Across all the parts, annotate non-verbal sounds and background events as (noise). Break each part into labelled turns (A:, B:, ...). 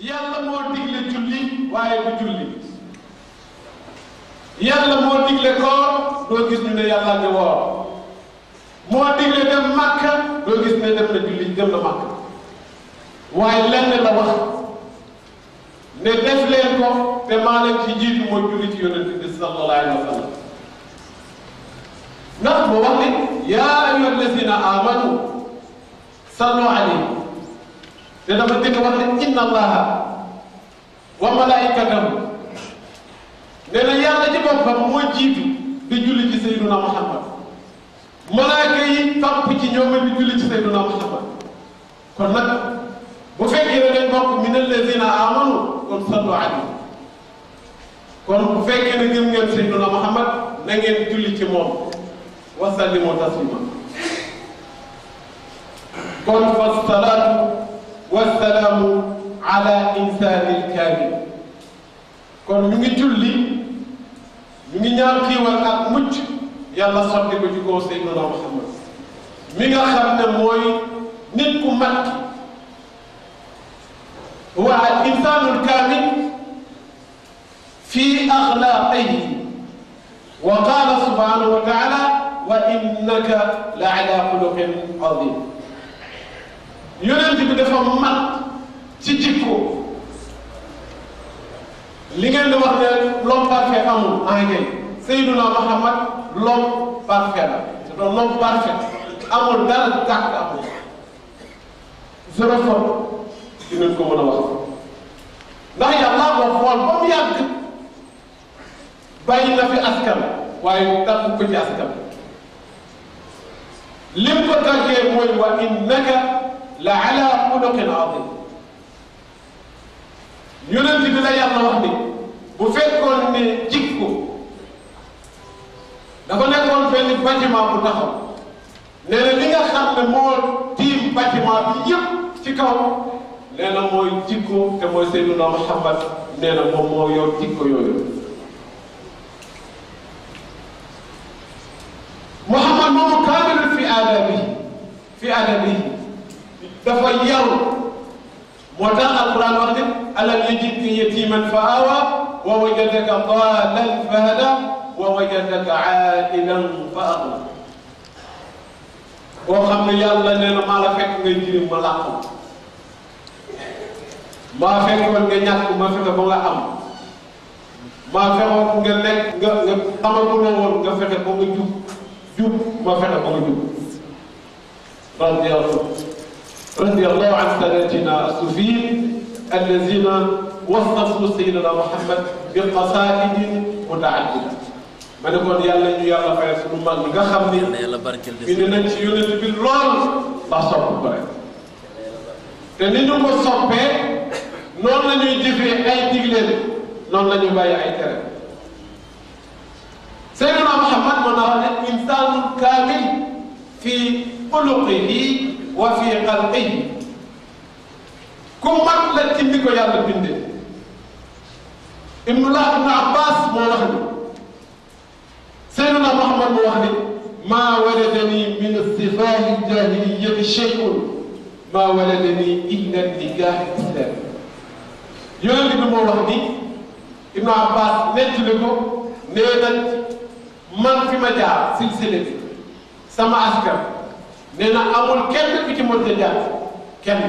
A: yàlla moo digle julli waaye du julli yàlla moo digle koor doo gis ñu ne yàlla ngi woor moo digle dem màkka doo gis ne dem na julli dem na màkka waaye lenn la wax ne def leen ko te maa leen ci jiitu mooy julli ci yonent bi sallallahu alayhi wa sallam ndax mu wax ne yaa ayyuha allazina amanu sallu alayhi te dafa dëgg wax ne inna allaha wa malaikatahu nee na yàlla ci boppam moo jiitu di julli ci sayyiduna Muhammad malaaka yi topp ci ñoom di julli ci sayyiduna Muhammad kon nag bu fekkee ne dañ bokk min alladina amanu kon sallu alayhi kon bu fekkee ne gëm ngeen sayyiduna Muhammad na ngeen julli ci moom wa sallimu taslima kon fa salaatu wassalaamu ala insaanil kaamil kon ñu ngi julli ñu ngi ñaan xiiwal ak mucc yàlla sotti ko ci kaw Seydina Muhammad mi nga xam ne mooy nit ku mat wa al insaanul kaamil fi axlaaqihi wa qaala subhaanahu wa taala wa innaka la ala xuluqin azim yonent bi dafa mat ci jikko li ngeen di wax ne l'homme parfait amul en gain Seydina Muhammad l'homme parfait la c'est un homme parfait amul dara tàkk amul zéro faute dinañ ko mën a wax ndax yàlla moo xool ba mu yàgg bàyyi na fi askan waaye tàggu ko ci askan lim ko tàggee mooy wa la ala xuluqin azim yonent bi la yàlla wax ni bu fekkoon ne jikko dafa nekkoon benn bâtiment bu taxaw nee li nga xam ne moo tiim bâtiment bi yëpp ci kaw nee na mooy jikko te mooy Seydina Muhammad nee na moom moo yor jikko yooyu Muhammad moomu kaamilun fi aadabihi fi aadabihi dafa yaru moo tax alquran wax ne alam yajidka yatiman fa awa wa wajadaka daalan fa hada wa wajadaka ailan fa agna koo xam ne yàlla nee na maa la fekk ngay jirim ma làqu maa fekkoon nga ñàkk ma fexe ba nga am maa fexoon nga nekk nga nga xamatuloo woon nga fexe ba nga jub jub ma fexe ba nga jub radiyallahu رضي الله عن سادتنا الصوفيين الذين وصفوا سيدنا محمد بقصائد متعدده ma ne kon yàlla ñu yàlla fayal suñu mag ñi nga xam ni bind nañ ci yonent bi lool ba sopp ko rek te ni ñu ko soppee noonu la ñuy jëfee ay digleen noonu la ñu bàyyi ay tere Seydina Muhammad moo naa wax ne insaanu kaamil fii xuluqihi wa fi xalqi ku mat la ci li ko yàlla bindee Ibnullah ibn Abbas moo wax ni Seydina Muhammad moo wax ni maa waladani min sifaahi jahiliyati shay'un maa waladani illa nikaahu islaami yonent bi moo wax ni Ibn Abbas nettali ko nee na man fi ma jaar silsile bi sama askan nee na amul kenn ci mën a jàpp kenn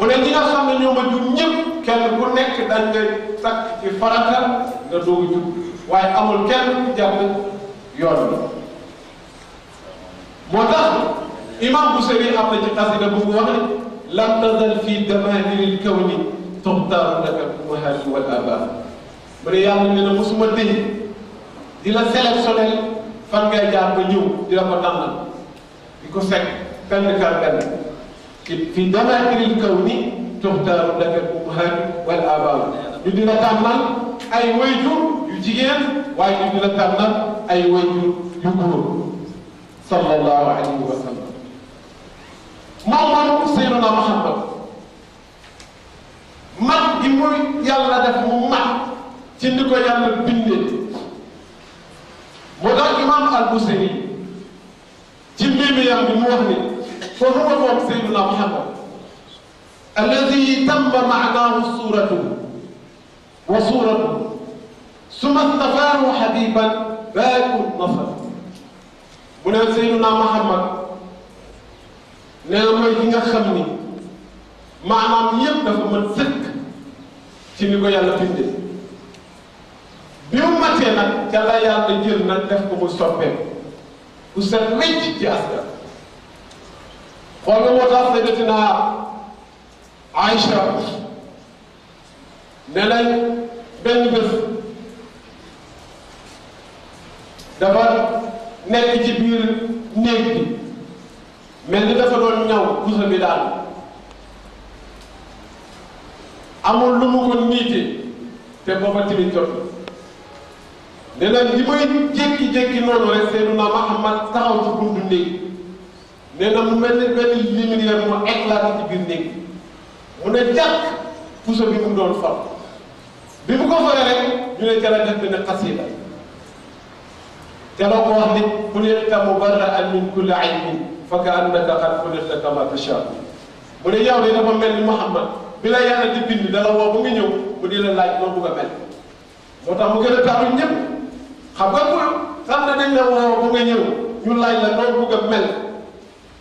A: mu ne ñi nga xam ne ñoo ma jur ñëpp kenn ku nekk dañ nga takk farata nga doog a waaye amul kenn ku jàpp yoon bi moo tax imam Busiri am na ci xasida bu mu wax ne lam tazal fi damaahiril kawni tuxtaaru laka al-ummahaatu wal abaa mu ne yàlla nee na mosuma dëñ di la sélectionnel fan ngay jaar ba ñëw di la ko di ko segg benn kaar benn fi danaa'iril kawni tuxtaaru laka al-ummahaat wal abaa ñu dina tànnal ay wayjur yu jigéen waaye ñu dina tànnal ay wayjur yu góor sallallahu alayhi wa sallam moom moom Seydina Muhammad mag gi muy yàlla def mu mag ci ni ko yàlla bindee moo tax imaam al-Busiri ci bibliam bi mu wax ni fa huwa moom Seydina Muhammad alladi tamma maanaahu suuratuhu wa suuratuhu summa stafaahu xabiban baakun nasar mu ne Seydina Muhammad nee na mooy ki nga xam ni maanaam yëpp dafa mën sëkk ci ni ko yàlla bindee bi mu matee nag ca la yàlla jël nag def ko mu soppeeku. bu set wécc ci askan xool nga moo tax sayyidatina Aïcha ne lañ benn bés dafa nekk ci biir néeg bi mel ni dafa doon ñaw busa bi daal amul lu mu ko niite te booba tamit jot ne nag li may jékki-jékki noonu rek Seydina Muhammad taxaw ci buntu néeg nee na mu mel ni benn lumière mu éclaté ci biir néeg mu ne jàkk puso bi mu doon far bi mu ko faree rek ñu ne ca la def benn xasida te loo ko wax nit xuliqta mubarra'an min ka annaka qad xuliqta kama tashaa mu ne yow mel ni Muhammad bi la yàlla di mu di la laaj noo bëgg a mel moo tax mu gën a taxul ñëpp. xam nga loolu sax ne dañ la woo bu nga ñëw ñu laaj la noo bugg a mel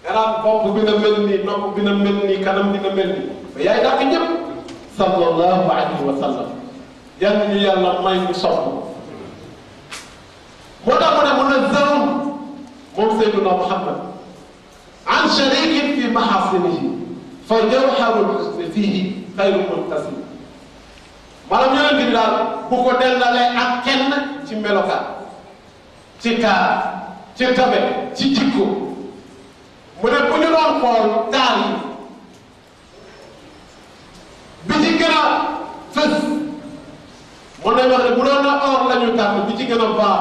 A: nga naan bopp bi na mel nii nopp bi na mel nii kanam bi na mel nii ba yaay dàq ñëpp sallallahu alayhi wa sallam yal nañu yàlla may ñu sopp moo tax mu ne munazzahun moom Seydina Muhammad an sharikin fi mahasinihi fa jawharun fihi xayru muntasim
B: maanaam yonent bi daal
A: bu ko dendalee ak ci melokaan ci taar ci tabe ci jikko mu ne bu ñu doon xool taar yi gën a fës mun nañ wax ne bu na or ñu tànn bi ci gën a baax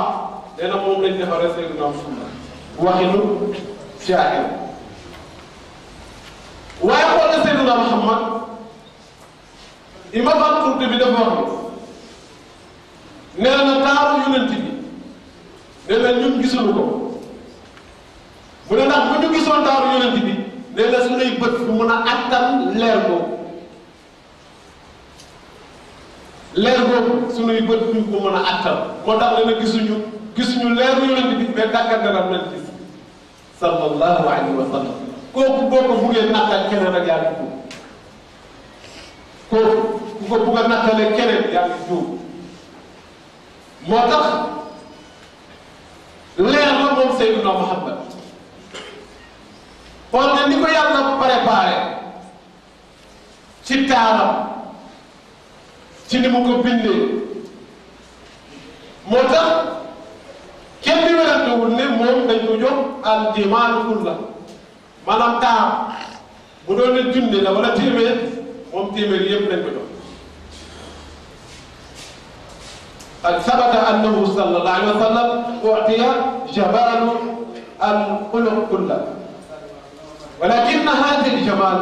A: nee na moom lañ defaree Seydina Muhammad waxinu shaahir waaye xool na Seydina Muhammad imam al-Qurtubi bi dafa wax ni nee na taaru yonent bi nee na ñun gisuñu ko bu ne ndax bu ñu gisoon taaru yonent bi nee na suñuy bët bu mën a attan leer boobu leer boobu suñuy bët duñ ko mën a attan moo tax nee na gisuñu gisuñu leeru yonent bi mais dàggat na ram nañ gis sallallahu alayhi wa sallam kooku boo ko buggee naqal keneen ak yàlla kooku ku ko bugg a nattale keneen yaa ngi juum moo tax leer la moom Seydina Muhammad xool ne ni ko yàlla préparé ci taaram ci ni mu ko bindee moo tax kenn di werantewul ne moom dañ ko jox al jamaal kulla maanaam taar bu doon ne junne la wala téeméer moom téeméer yëpp lañ ko jox قد ثبت أنه صلى الله عليه وسلم أعطي جمال الخلق كله
B: ولكن هذا
A: الجمال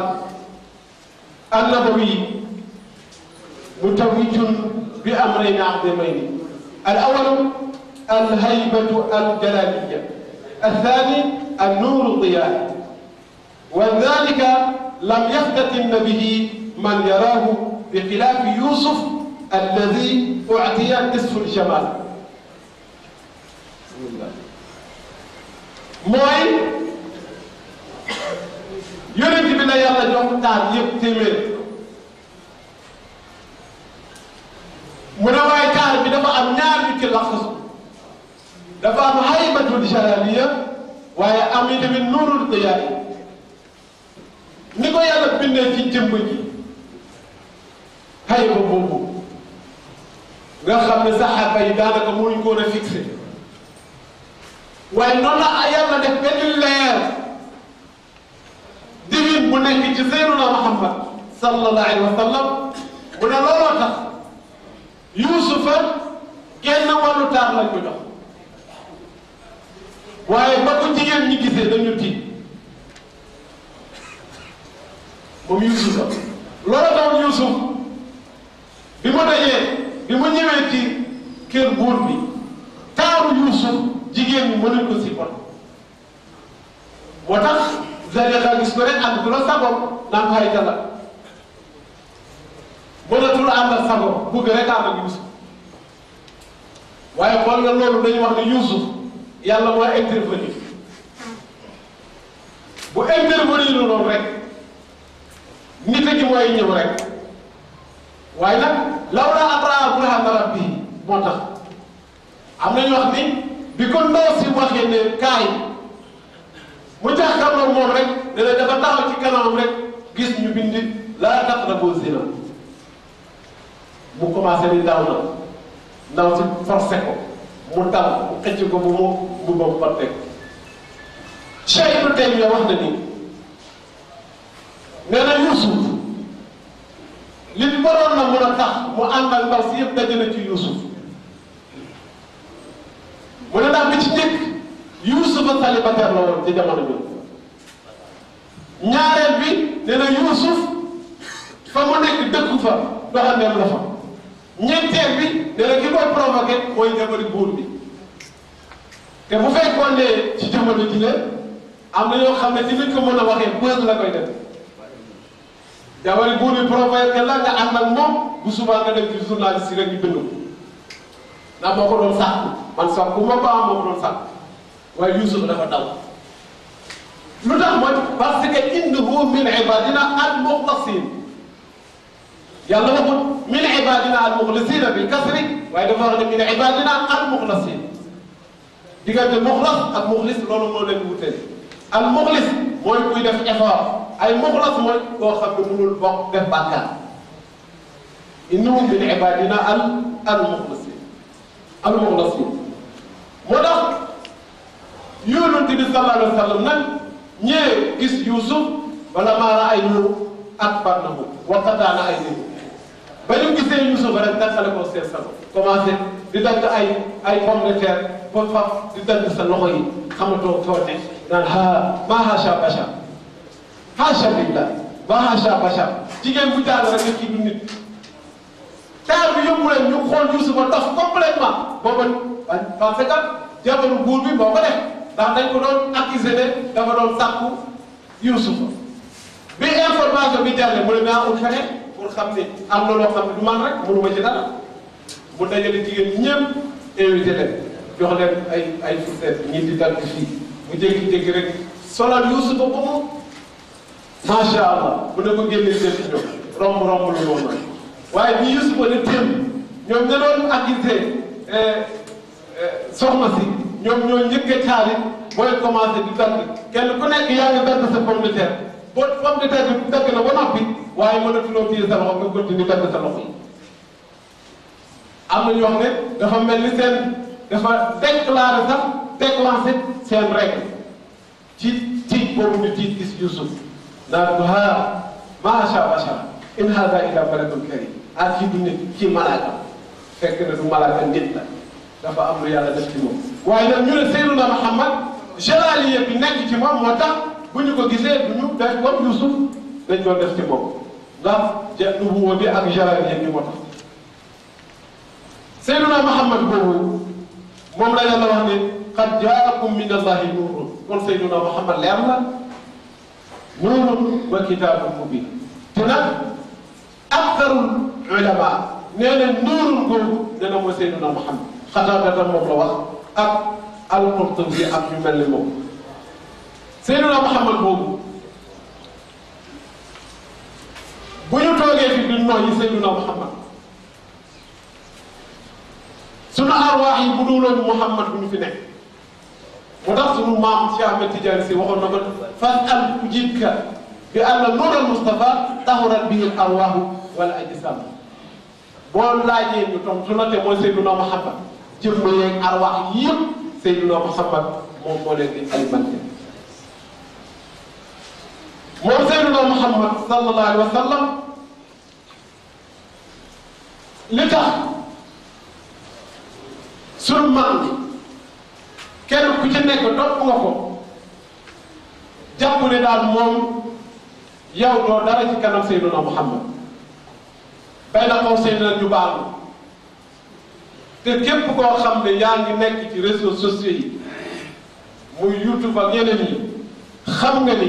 A: النبوي متوج بأمرين عظيمين الأول الهيبة الجلالية الثاني النور الضياء وذلك لم يفتتن به من يراه بخلاف يوسف الذي أعطي نصف الجمال mooy yonent bi la yàlla jox taar yëpp téeméer
B: mu ne waaye taar bi dafa am
A: ñaar yu ci laxasu dafa am haybatul jalaliya waaye am yi tamit nuurul qiyaam ni ko yàlla bindee ci jëmb ji xayma boobu nga xam ne saxaaba yi daanaka mënuñ ko woon a fixé waaye noonu la yàlla def benn leer divin bu nekk ci Seydina Muhammad sallallahu alayhi wa sallam bu ne looloo tax Yuusufa genn wàllu taar lañ ko waaye ba ko jigéen ñi gisee dañu tiit moom Yuusufa looloo bi ma dajee bi ma ñëwee ci kër buur bi taaru Yuusuf jigéen ñi mënuñ ko si bon moo tax Zalixa gis ko rek am du la sagoom naan xarita la mënatul ànd ak sagoom bëgg rek ànd ak Yuusuf waaye xool nga loolu dañu wax ne Yuusuf yàlla moo intervenir bu intervenir loolu rek nit a gi mooy ñëw rek waaye nag law laa Abraha burhaana rabbihi moo tax am nañu wax ni bi ko ndaw si waxee ne kaay mu jàkkaarloo moom rek ne la dafa taxaw ci kanamam rek gis ñu bind laa taqrabu zina mu commencé ni ndaw na ndaw si forcé ko mu dal mu xëcc ko bu mu bu mu porté ko Cheikh Ibnu Taymiya wax na ni nee na Yuusuf li mu waroon na mën a tax mu àndal ndaw si yëpp daje na ci Yuusuf mu ne ndax bi ci jëkk Yuusuf a célibataire la ci jamono bi bi nee na Yuusuf fa mu nekk dëkku fa doxandeem la fa ñeenteel bi nee na ki koy provoqué mooy jabari buur bi te bu fekkoon ne ci jamono ji la am na yoo xam ne ci liñ ko mën a waxee bës la koy def jaawari buur provoqué la nga ànd ak moom bu subaa nga dem ci journaliste yi rek ñu bind ko ndax moo ko doon sàkku man sàkku ma baax moo ko doon sàkku waaye Yuusuf dafa daw lu tax mooy parce que innahu min ibadina al muxlasin yàlla waxul min ibadina al muxlasina bi kasri waaye dafa wax ne min ibadina al muxlasin diggante muxlas ak muxlis loolu moo leen wutee ay muxlas mooy koo xam ne mënul bokk def bàkkaar innahum min ibadina al al muxlasin al muxlasin moo tax yonent bi sallallahu alayhi wa sallam nag ñee gis Yuusuf wala maa ay ñu ak bannahu wa qataana ay nit ba ñu gisee Yuusuf rek dakkale ko seen salo commencé di dagg ay ay pomme de terre ba faf di dagg sa loxo yi xamatoo foo ne naan haa ah, maa haasha basha xaasa billah ba xaasa bashar jigéen bu jaar rek nga ci du nit taar bi yóbbu leen ñu xool Yuusufa tax complètement booba ba fekkat jabaru buur bi moo ko def ndax dañ ko doon accusé ne dafa doon sàkku Yuusufa bi information bi jàllee mu ne naa ut fexe pour xam ne am na loo xam ne du man rek mënu ma ci dara mu dajale jigéen ñëpp invité leen jox leen ay ay fourchette ñi di dal fii mu jékki-jékki rek solal Yuusufa ba mu macha allah bu ne ko génnee seen i ñoom romb romb lu woon waaye bi Youssouf a ne téem ñoom ña doon accusé eh, eh, soxna si ñoom ñoo njëkk a caali booy commencé di dagg kenn ku nekk yaa ngi dagg sa pomme de terre boo pomme de bi noppi waaye mënatuloo téye sa loxo nga continué dagg sa loxo am na ñoo ne dafa mel ni seen dafa déclaré sax déclenché seen règle ci tiit boobu ñu tiit gis Youssouf naan ko ah macha allah in hada illa malakun karim ah kii du nit kii malaaka fekk na du malaaka nit la dafa am lu yàlla def ci moom. waaye nag ñu ne Seydina Muhammad jalaaliya bi nekk ci moom moo tax bu ñu ko gisee bu ñu def comme Yusuf dañ doon def ci moom ndax ja nubuwa bi ak jalaaliya bi moo tax Seydina Muhammad boobu moom la yàlla wax ne qad jaakum min allahi nuurun kon Seydina Muhammad leer la. nuurun wa kitaabun mubiin te nag aktarul ulama nee na nuurun googu dana mooy Seydina Muhammad Xataada moom la wax ak al-Qurtubi ak ñu mel ni moom Seydina Muhammad boobu bu ñu toogee fi di nooyi Seydina Muhammad sunu arwaax yi bu duloon Muhammad bu ñu fi nekk moo tax sunu maam Cheikh Ahmed Tidiane si waxoon na ko. fas'al ujibka bi anna nuural Mustafa tahurat bihi al arwaahu wal ajsam boo laajee ñu tontu la te mooy Seydina Muhammad jëmm yeeg arwaax yëpp Seydina Muhammad moom moo leen di alimenté moom Seydina Muhammad sallallahu alayhi wa sallam li tax sunu maam kenn ku ci nekk topp nga ko. jàpp ne daal moom yow doo dara ci kanam Seydina Muhammad bay na xaw Seydina ñu baax te képp koo xam ne yaa ngi nekk ci réseaux sociaux yi muy YouTube ak yi xam nga ni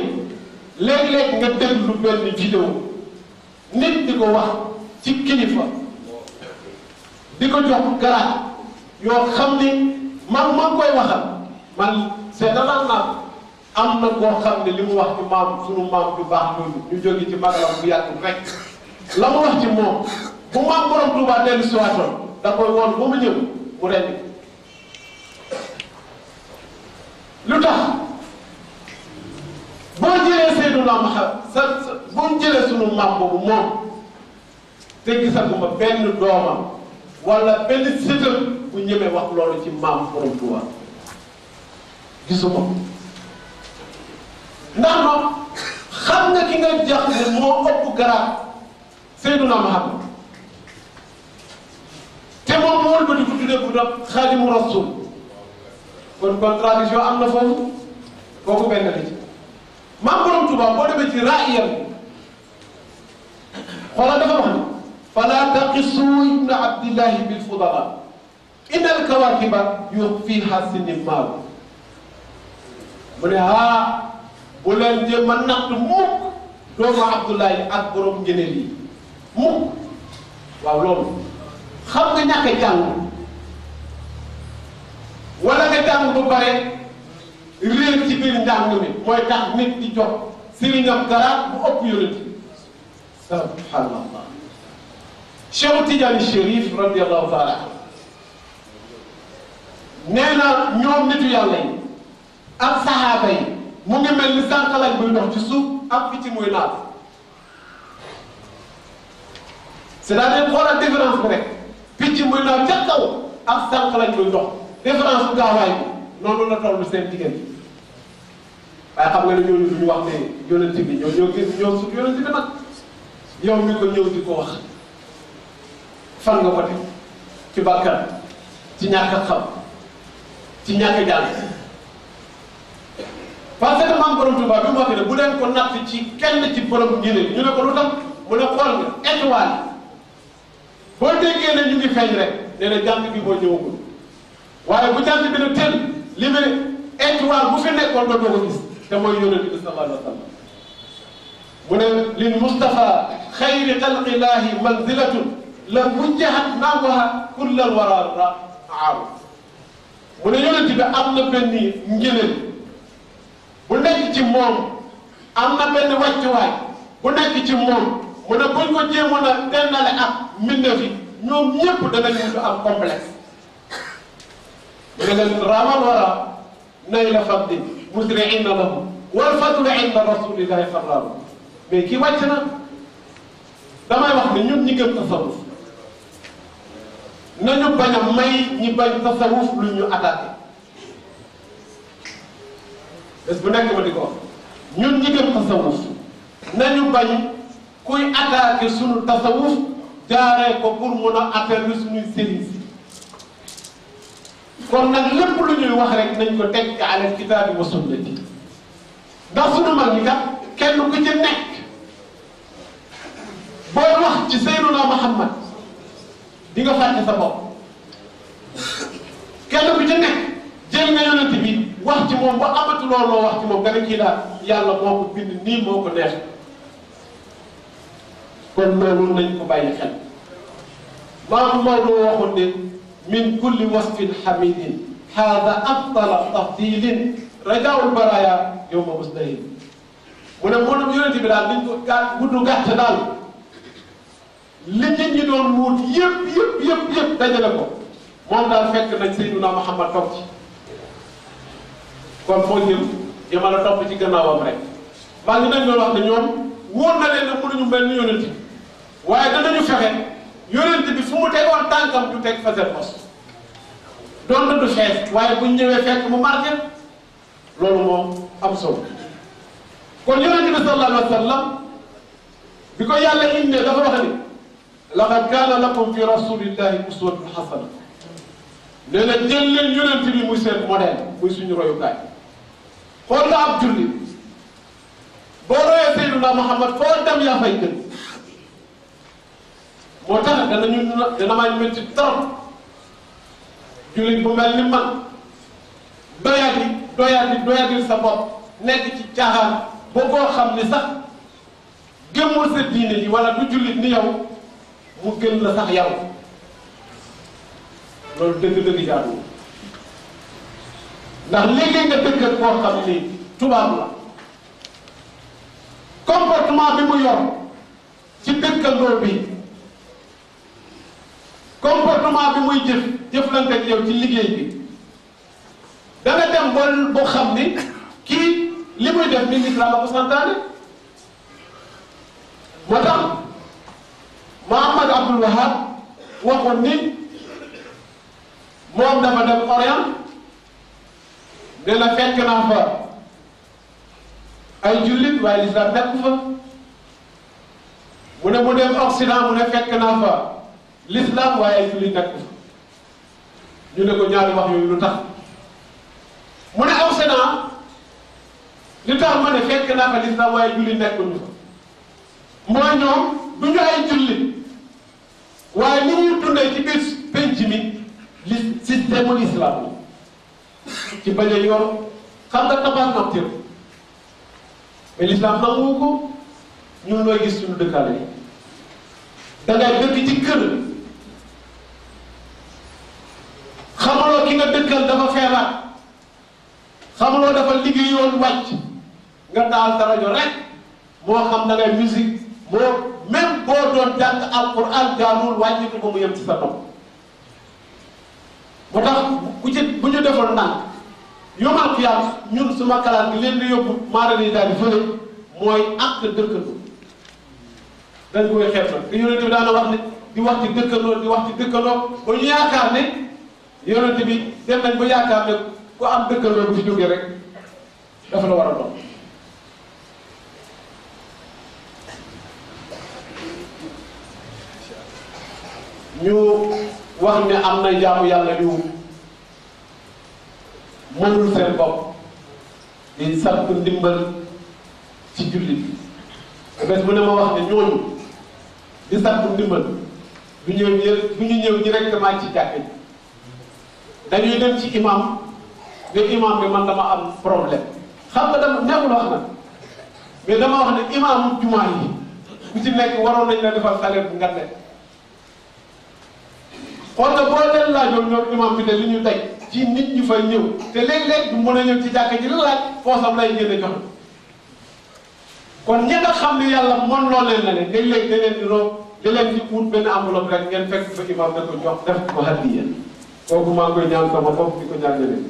A: léeg-léeg nga déglu benn vidéo nit di ko wax ci kilifa di ko jox garaat yoo xam ni man maa koy waxal man seetaan naa am na koo xam ne li mu wax ci sunu maam ju baax loolu ñu jóge ci magalam bu yàgg rek la mu wax ci moom bu maam borom Tuubaa ba mu ñëw mu rendi lu tax boo jëlee Seydina Muhammad sa sa boo jëlee sunu maam boobu moom te gisaguma benn doomam wala benn sëtam bu ñëmee wax loolu ci maam borom Tuubaa gisuma ndax xam nga ki nga jax ne moo ëpp garaat Seydina Muhammad te moom moo wëlbati ku tuddee bu doon Xaadimu Rasuul kon contradiction am na foofu kooku benn la ci maam borom Tuuba boo demee ci raayam xoolal dafa wax ni fala taqisu ibna abdillahi bil fudala inna al kawakiba yufiha sinimaaru mu ne haa bu leen jéem a natt mukk doomu Abdoulaye ak borom njëneel yi mukk waaw xam nga ñàkk a jàng wala bu bare réer ci biir njàng mi mooy tax nit di jox sëriñam garaat bu ëpp yonent subhanallah Cheikh Tidiane Chérif radiallahu taala nee na ñoom nitu yàlla yi ak saxaaba yi mu ngi mel ni sànqalañ buy dox ci suuf ak picc muy naat c'est-à-dire xoolal différence bi rek picc muy naat ca kaw ak sànqalañ buy dox différence bu gaawaay bi noonu la toll seen diggante waaye xam nga ne ñooñu duñu wax ne yonent bi ñoo ñoo gis ñoo sut yonent bi nag mi ko ñëw di ko fan nga ko teg ci bàkkan ci ñàkk a xam ci ñàkk jàng parce que maam borom Tuubaa bi mu waxee ne bu leen ko natt ci kenn ci borom ñeneen ñu ne ko lu tax mu ne xool nga étoile boo déggee ne ñu ngi feeñ rek nee na jant bi moo ñëwagul waaye bu jant bi ne teel li mu étoile bu fi nekkoon nga doo ko gis te mooy yonent bi sallallahu alayhi wa sallam mu ne lil Mustafa xayri xalqillaahi manzilatun la mu ne yonent bi am na benn ngëneel bu nekk ci moom am na benn wàccuwaay bu nekk ci moom mu ne buñ ko jéemoon a dendale ak mbindeef yi ñoom ñëpp danañ mujj am complexe. léeg-léeg raamal wara nay la fadli musriina lahum wal fadlu inda rasulillahi farraru mais kii wàcc na damay wax ne ñun ñi gëm tasawuf nañu bañ a may ñi bañ tasawuf lu ñu attaqué. bés bu nekk ma di ko wax ñun ñi gëm tasawuf nañu bañ kuy attaqué suñu tasawuf jaaree ko pour mun a atteindre suñuy sëriñ kon nag lépp lu ñuy wax rek nañ ko teg ala wa sunnati ndax suñu mag ñi kat kenn ku ci nekk boo wax ci Seydina Muhammad di nga fàtte sa bopp kenn ku ci dem nga yonent bi wax ci moom ba amatuloo loo wax ci moom nga ne kii daal yàlla moo ko bind nii moo ko neex kon loolu nañ ko bàyyi xel maam Maodo waxoon ne min kulli wasfin hamidin haada afdala tafdilin rajaawul baraaya yow ma mustahil mu ne moo dem yonent bi daal liñ ko gàtt gudd gàtt daal li nit ñi doon wut yëpp yëpp yëpp yëpp dajale ko moom daal fekk nañ Seydina Muhammad toog ci kon moo jëm jëmal a topp ci gannaawam rek maa ngi leen doon ñoom wóor na leen ne ñu mel ni yonent bi waaye danañu fexe yonent bi fu mu te tegoon tànkam ñu teg fa seen mos doon na du xees waaye buñ ñëwee fekk mu marqué loolu moo am solo kon yonent bi sallallahu alayhi wa bi ko yàlla indee dafa wax ni laqad kaana lakum fi rasulillahi uswatun hasana nee na jël leen yonent bi muy seen modèle muy suñu royukaay xool nga ab jullit boo royee Seydina Muhammad foo dem yaa fay gën moo tax danañu dana maa métti trop jullit bu mel ni man doyadi doyadi doyadi sa nekk ci caaxaan ba koo xam ni sax gëmul sa diine ji wala du jullit ni yow mu gën la sax yow dëgg-dëgg jaaduwul ndax léegi nga dëkk ak koo xam tubaab la comportement bi mu yor ci dëkkandoo bi comportement bi muy jëf jëflante ak yow ci liggéey bi dana dem ba boo xam ni kii li muy def ni lislaam la ko santaane moo tax Muhammad Abdul Wahab waxoon ni moom dafa dem Orient de la fekk naa fa ay jullit waaye lislaam nekk fa mu ne mu dem Occident mu ne fekk naa fa lislaam waaye ay nekk fa ñu ne ko ñaari wax yooyu lu tax mu ne Occident li tax ma ne fekk naa fa lislaam waaye jullit nekkuñu fa mooy ñoom du ñu ay jullit waaye li ñuy dundee ci biir penc li système mu lislaam ci bañ a yor xam nga tabax na tër mais lislaam nangu ko ñun looy gis suñu dëkkaale yi dangay dëkk ci kër xamaloo ki nga dëkkal dafa feebar xamaloo dafa liggéeyoon wàcc nga taal sa rajo rek moo xam da ngay musique moo même boo doon jàng alquran jaanul wàññi ko ba mu yem ci sa topp moo tax ku ci bu ñu defoon ndànk yomal xiyaam ñun suma kalaat gi leen di yóbbu maara ni daal di fële mooy àq dëkkandoo dañ koy xeeb nag te yonente bi daana wax ne di wax ci dëkkandoo di wax ci dëkkandoo ba ñu yaakaar ne yonente bi dem nañ ba yaakaar ne ku am dëkkandoo bu fi jógee rek dafa la war a doon wax ne am na jaamu yàlla ñu mënul seen bopp di sàkku ndimbal ci jullit bi bés bu ne ma wax ne ñooñu di sàkku ndimbal du ñëw ñë du ñu ñëw directement ci jàkka ji dañuy dem ci imam ne imam bi na dama am problème xam nga dama nekkul wax na mais dama wax ne imam jumaa yi ku ci nekk waroon nañ la defal salaire bu nga nekk xool nga boo leen laajoon ñoom imaam bi ne li ñu daj ci nit ñu fa ñëw te léeg-léeg du mën a ñëw ci jàkka ji la laaj poosam lay génne jox kon ñi nga xam ne yàlla mën loo leen na ne léeg-léeg da leen di roog da leen di wut benn enveloppe rek ngeen fekk fa imaam da ko jox def ko hadiya kooku maa koy ñaan sama bopp di ko ñaan ñeneen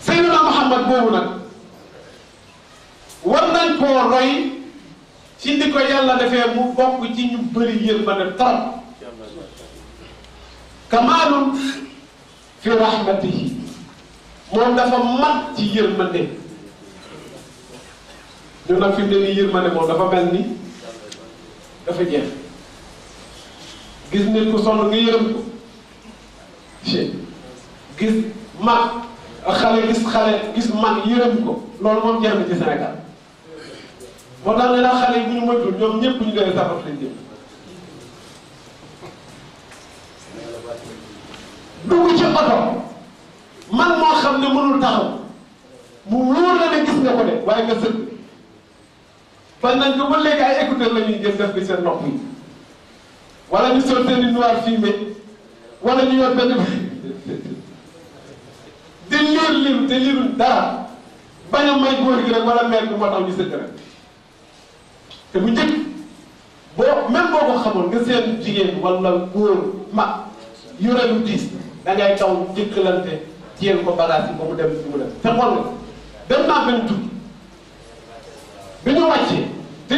A: Seydina Muhammad boobu nag war nañ koo roy ci di ko yàlla defee mu bokk ci ñu bëri yërmande trop kamaalun fi rahmatihi moom dafa mat ci yërmande ñu nag fi mu ne nii yërmande moom dafa mel ni dafa jeex gis nit ku nga yërëm ko gis ma xale gis xale gis mag yërëm ko loolu moom jeex na ci Sénégal moo tax ne daal xale yi bu ñu moytuwul ñoom ñëpp ñu doon safar lañ jëm dugg ci oto man moo xam ne mënul taxaw mu wóor la ne gis nga ko de waaye nga sëg fan nañ ko ba léegi ay la ñuy jël def bi seen nopp yi wala ñu sol seen i noir fumé wala ñu yor benn (laughs) di liir liir te liirul dara bañ a may góor gi rek wala mère bi moo tax ñu sëgg rek te bu boo même boo ko xamoon nga seen jigéen wala góor mag yore lu diis dangay taw jëkkalante jiyal ko bagage yi ba mu dem mu dem te xool nga dem naa benn tukki bi ñu wàccee te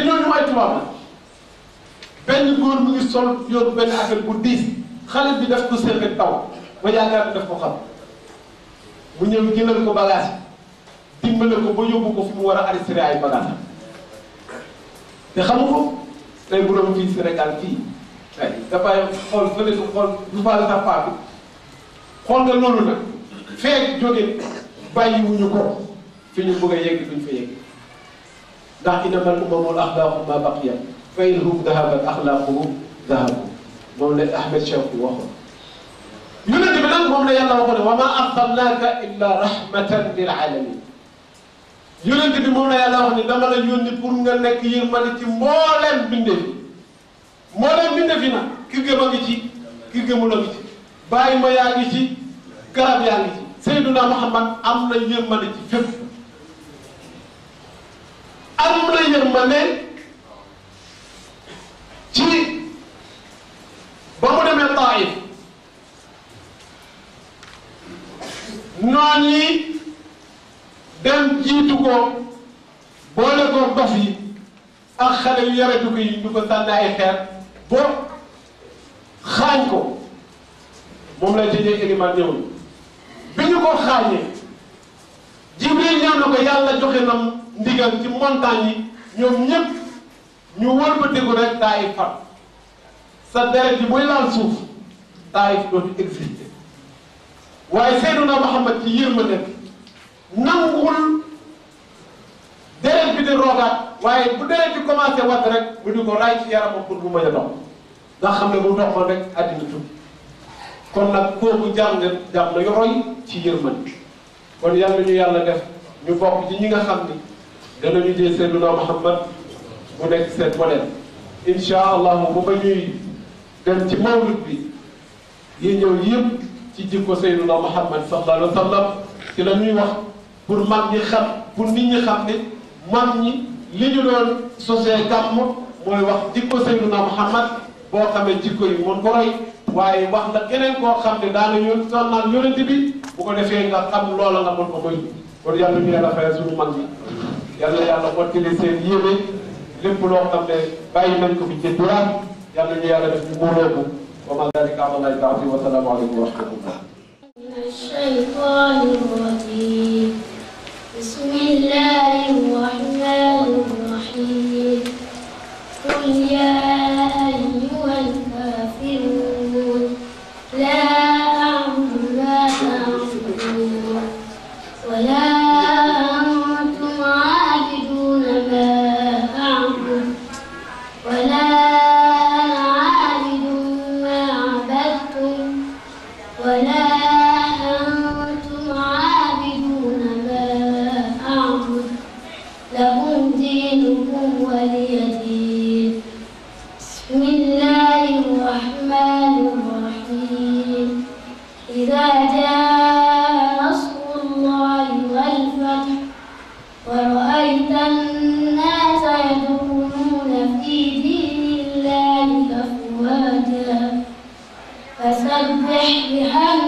A: benn góor mu ngi sol yor benn affaire bu diis xale bi def ko service taw ba yaakaar daf ko xam mu ñëw jëlal ko bagage dimbale ko ba yóbbu ko fi mu war a arrêté ay bagage te xamu ko tey bu doon fii Sénégal fii dafay xool fële du xool du faal sa paa xool nga loolu nag fee jóge bàyyiwuñu ko fi ñu bëgg a yegg duñ fa yegg ndax innamal umamul axlaaqu ma baqiya fa in hum dahabat axlaaquhum dahabu moom la Ahmed Cheikh waxoon yonent bi nag moom la yàlla waxoon wa ma arsalnaaka illa rahmatan lil alamin yonent bi moom la yàlla wax ne dama la yónni pour nga nekk yërmande ci mbooleem bindee fi mbooleem bindee fi nag ki gëm a ngi ci ki gëmul a ngi ci bàyyi ma yaa ngi ci garab yaa ngi ci Seyduna Muhammad am na yërmande ci fépp am na yërmande ci ba mu demee Taif noon yi dem jiitu ko boole ko dof yi ak xale yu yaretu ko yi ñu ko sànni ay xeer boo xaañ ko moom lay tëjee éliman ñëw na bi ñu ko xaañee Jibril ñaan na ko yàlla joxe nam ndigal ci montagne yi ñoom ñëpp ñu wëlbatiku rek taayif far sa deret ji buy laal suuf taayif dootu existé waaye Seyduna Muhammad ci yërmande nanguwul deret bi di roogaat waaye bu deret bi commencé wadd rek bu ñu ko raay ci yaramam pour bu mën dox nga xam ne bu doxoon rek àddina tukki kon nag kooku jaar nga jaar na yoroy ci yërmande kon yàlla ñu yàlla def ñu bokk ci ñi nga xam ni danañu jël Seydina Muhammad mu nekk seen modèle incha allahu bu ba ñuy dem ci mawlud bi yi ñëw yëpp ci jikko Seydina Muhammad sallallahu alayhi wa sallam ci la ñuy wax pour mag ñi xam pour nit ñi xam ne mag ñi li ñu doon sosee gàmm mooy wax jikko Seydina Muhammad boo xamee jikko yi mën ko roy waaye wax na keneen koo xam ne daana yoon son naan yonente bi bu ko defee nga xam loola nga mën ko moy kon yàlla ñu yàlla fayal suñu mag yi yàlla yàlla mottali seen yéene lépp loo xam ne bàyyi nañ ko fi ci duraat yàlla ñu yàlla def ñu mbooloo ko wa ma dalika amalay taati wa salaamu aleykum
B: wa rahmatullah من الشيطان الرجيم بسم الله الرحمن الرحيم قل يا أرأيت الناس يدخلون في دين الله أفواجا فسبح بحمد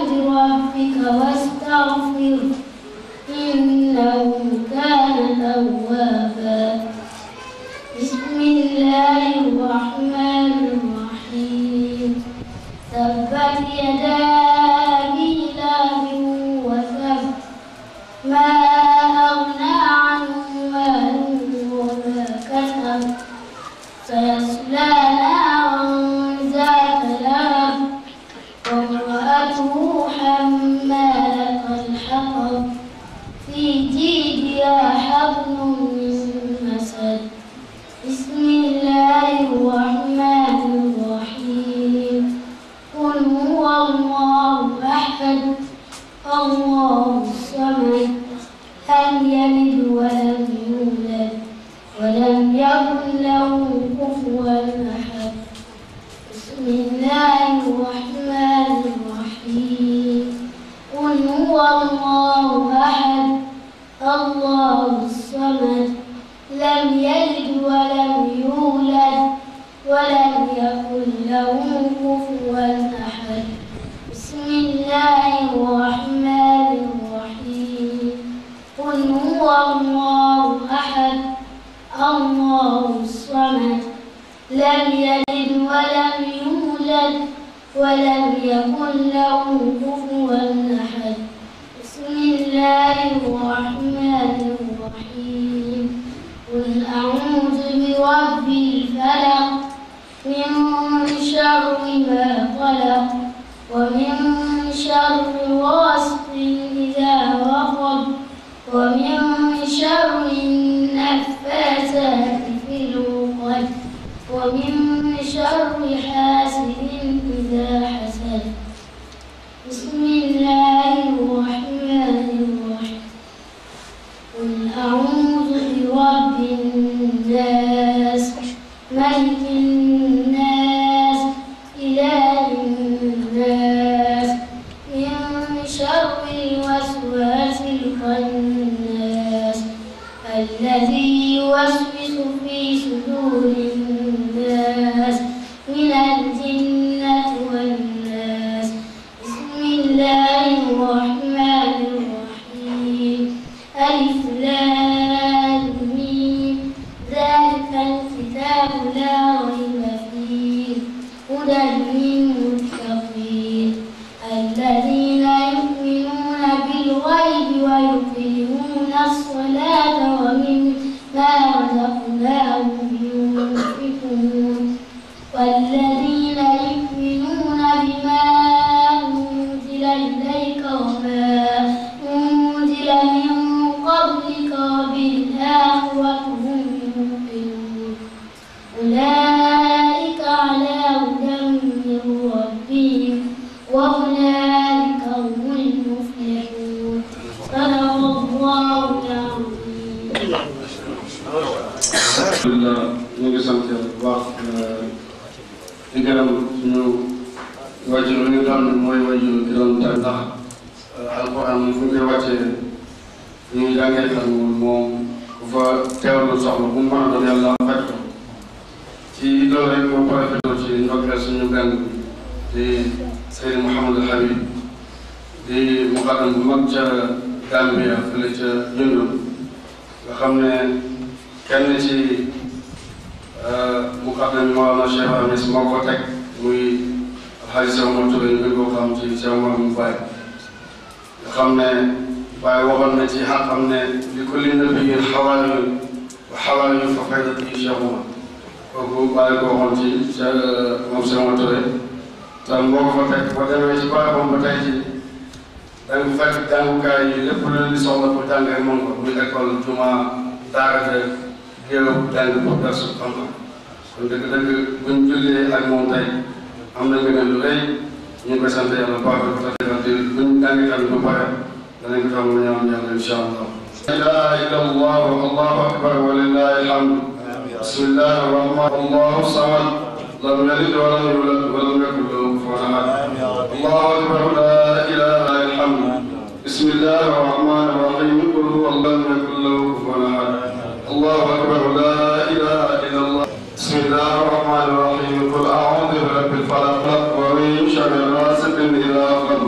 B: الله
C: alhamdulilah ñu ngi sant yàlla bu baax di gërëm wajur li nga xam ne mooy wajur bi doon tax ndax alquran mi fu ñu koy wàccee ñu jàngee xam moom bu fa teewlu soxla bu mu mën a doon yàlla faj ko ci loolu rek moo profité ci ndokkeel suñu gan di Seydou Mouhamadou Habib di muqaddam bu mag ca Gambia fële ca Jundum nga xam ne kenn ci euh, mu ne Mawlana Cheikh Amis moo ko teg muy Alxaaji Seex Umar Ture ñu ko xam ci Seex Umar mu Baay nga xam ne Baay waxoon na ci xam ne li kulli nabiyyin xawaarijun wa xawaarijun fa faydatuhu Seex Umar kooku Baay ko waxoon ci euh, moom Seex Umar Ture te ba demee ci dang Fatick jàngukaay yi lépp lu ñu soxla pour jàng rek moom ko muy école juma daara de géew jàng pour perso xam-xam kon dëgg-dëgg buñ jullee ak moom tey am na nga lu rëy ñu ngi koy sant yàlla bu baax di ko di buñ jàng tamit ba pare danañ ko xam ne ñoo am yàlla incha allah. la ilaha illa allah allahu akbar wa lillahi alhamdu bismillahi rahmani allahu samad lam yalid walam yulad walam yakun lahu kufuwan ahad allahu akbar la ilaha بسم الله الرحمن الرحيم قل هو الله لم يكن له كفوا احد الله اكبر لا اله الا الله بسم الله الرحمن الرحيم قل اعوذ برب الفلق ومن شر غاسق اذا وقب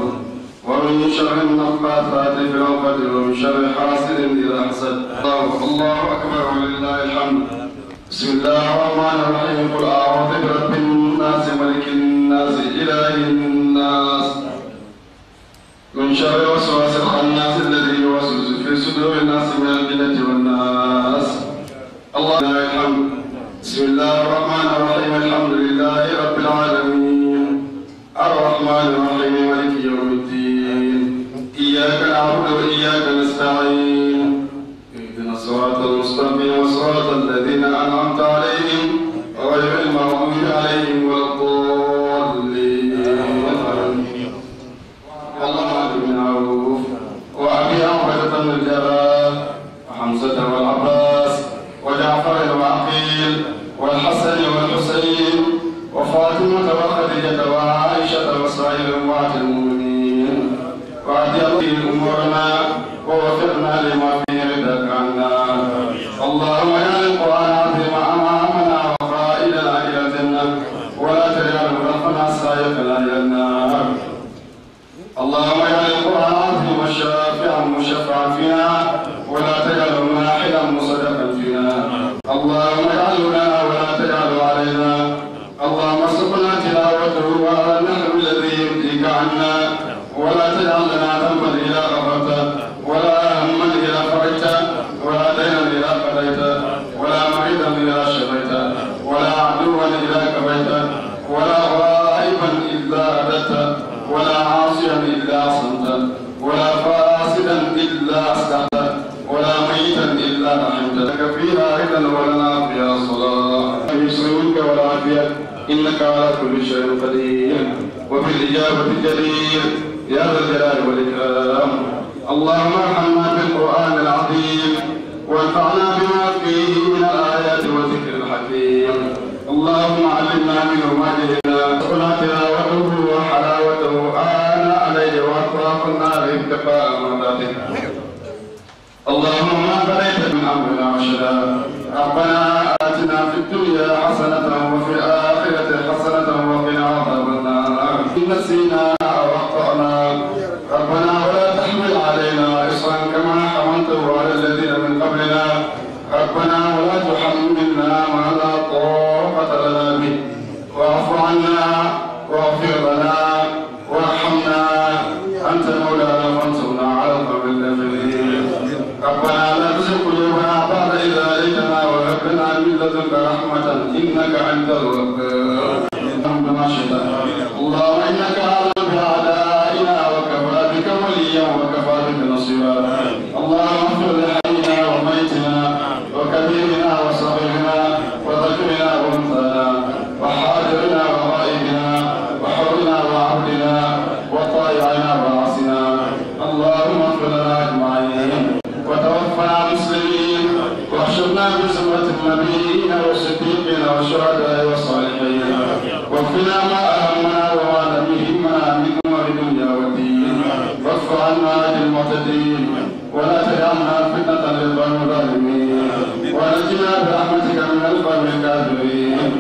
C: ومن شر النفاثات في العقد ومن شر حاسد اذا حسد الله اكبر ولله الحمد بسم الله الرحمن الرحيم قل اعوذ برب الناس ملك الناس اله الناس من شر وسواس صدور الناس من الجنة والناس اللهم الحمد بسم الله الرحمن الرحيم الحمد لله رب العالمين الرحمن الرحيم مالك يوم الدين إياك نعبد وإياك نستعين اهدنا الصراط المستقيم صراط الله ولا فاسدا إلا أحسنته ولا ميتا إلا رحمته لك فيها إذا ولنا فيها صلاة يسرك ولا عافية إنك على كل شيء قدير وفي الإجابة جدير يا ذا الجلال والإكرام اللهم ارحمنا بالقرآن العظيم وانفعنا بما فيه من الآيات والذكر الحكيم اللهم علمنا منه ما جهلنا صلاتنا وحبنا عليهم كفاء مرضاتك اللهم ما بنيت من امرنا رشدا ربنا اتنا في الدنيا حسنه وفي الاخره حسنه وقنا عذاب النار ان نسينا او اخطانا ربنا ولا تحمل علينا اصرا كما حملته على الذين من قبلنا ربنا ولا تحملنا ما لا طاقه لنا به واعف عنا واغفر لنا إنك أنت الوهاب اللهم ما شئت اللهم المعتدين ولا تجعلنا فتنة للقوم الظالمين ونجنا برحمتك من القوم الكافرين